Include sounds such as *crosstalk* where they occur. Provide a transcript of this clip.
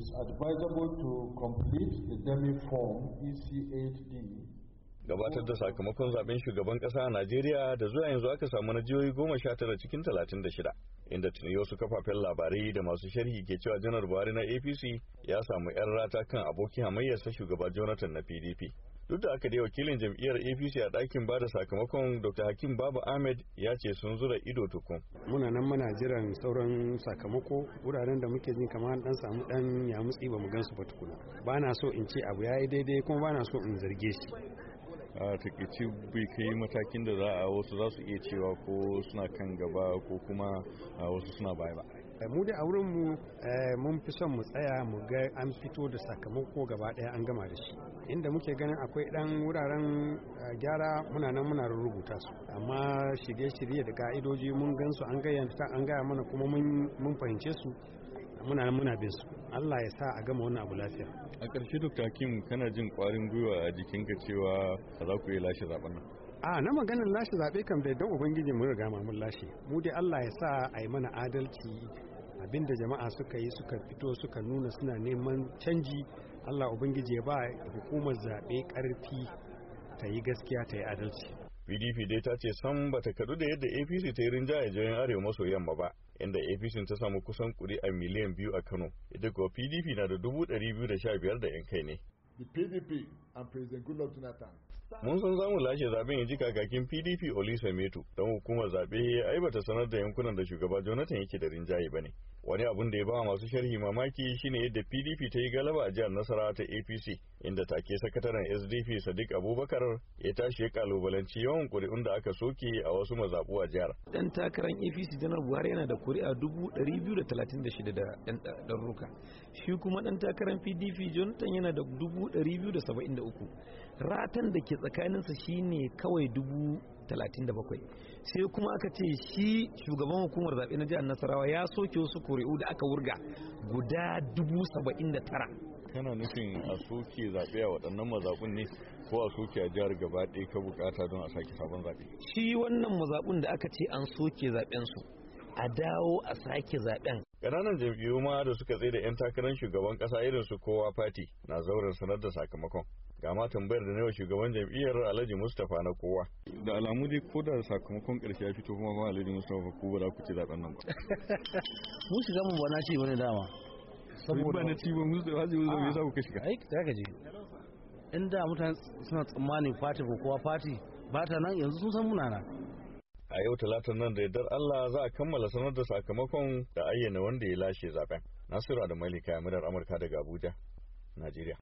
is advisable to complete the demi form ec Gabatar da sakamakon zaben shugaban kasa a Najeriya da zuwa yanzu aka samu na jihohi goma sha tara cikin talatin da shida. Inda tuni wasu kafafen labarai da masu sharhi ke cewa janar Buhari na APC ya samu 'yan rata kan abokin hamayyarsa shugaba Jonathan na PDP. duk da aka dai wakilin jam'iyyar apc a ɗakin ba da sakamakon dr hakim babu ahmed ya ce sun zura ido tuku. muna nan muna jiran sauran sakamako wuraren da muke jin kamar dan samu dan ya mutsi ba mu gansu ba tukuna ba na so in ce abu ya yi daidai kuma ba na so in zarge shi a takaici bai kai matakin da za a wasu za su iya cewa ko suna kan gaba ko kuma wasu suna baya ba Eh, mu da a wurin mu eh, mun fi son mu tsaya mu ga an fito da sakamako gaba ɗaya an gama da shi inda muke ganin akwai ɗan wuraren eh, gyara muna nan muna rubuta su amma shirye-shirye da ka'idoji mun gan su an gayyanta an gaya mana kuma mun fahimce su muna nan muna bin su Allah ya sa a gama wannan abu lafiya a ƙarshe duk takin kana jin ƙwarin gwiwa a jikinka cewa za ku iya lashe zaben nan a na maganin lashe zaɓe kan bai don ubangiji mun riga mun lashe mu dai Allah ya sa a yi mana adalci abinda jama'a suka yi suka fito suka nuna suna neman canji allah ubangiji ya ba hukumar zaɓe ƙarfi ta yi gaskiya ta yi adalci pdp dai ta ce san bata kaɗu da yadda apc ta yi rinjaye jayen arewa maso yamma ba inda apc ta samu kusan a miliyan biyu a kano ita kuwa pdp na da dubu ɗari biyu da sha biyar da yan kai ne mun san zamu lashe zaben yaji kakakin pdp olisa metu don hukumar zaɓe ya aibata sanar da yankunan da shugaba jonathan yake da rinjaye ba ne. wani abun da ya ba masu sharhi mamaki shine yadda pdp ta yi galaba a jihar nasara ta apc inda take sakataren sdp sadiq abubakar ya tashi ya kalubalanci yawan kuri'un da aka soke a wasu mazabu a jihar dan takarar apc janar buhari yana da kuri'a dubu da talatin da shida ɗarruka shi kuma dan takarar pdp jonathan yana da dubu da ratan da ke tsakaninsa shine kawai dubu 37 sai kuma aka ce shi shugaban hukumar zaɓe na jihar nasarawa ya soke wasu kuri'u da aka wurga guda 79 kana nufin a soke zaɓe a waɗannan mazaɓun ne ko a soke a jihar gaba ɗaya ka bukata don a sake sabon zaɓe shi wannan mazaɓun da aka ce an soke zaɓensu a dawo a sake zaɓen ƙananan jam'iyyu ma da suka tsaye da 'yan takarar shugaban ƙasa irin su kowa fati na zauren sanar da sakamakon ga ma tambayar da nawa shugaban jam'iyyar alhaji mustapha na kowa da alamu dai ko da sakamakon karshe ya fito kuma ma alhaji mustapha ko ba za ku ci zaben nan ba *laughs* mu shiga mu ba na ci bane dama saboda ba na ci ba mu da haji mu zai ku shiga ai da ka je da mutane suna tsammanin fati ko kowa fati ba ta nan yanzu sun san muna na a yau talatin nan da yardar Allah za a kammala sanar da sakamakon da ayyana wanda ya lashe zaben Nasiru da Malika Yamirar Amurka daga Abuja, Najeriya.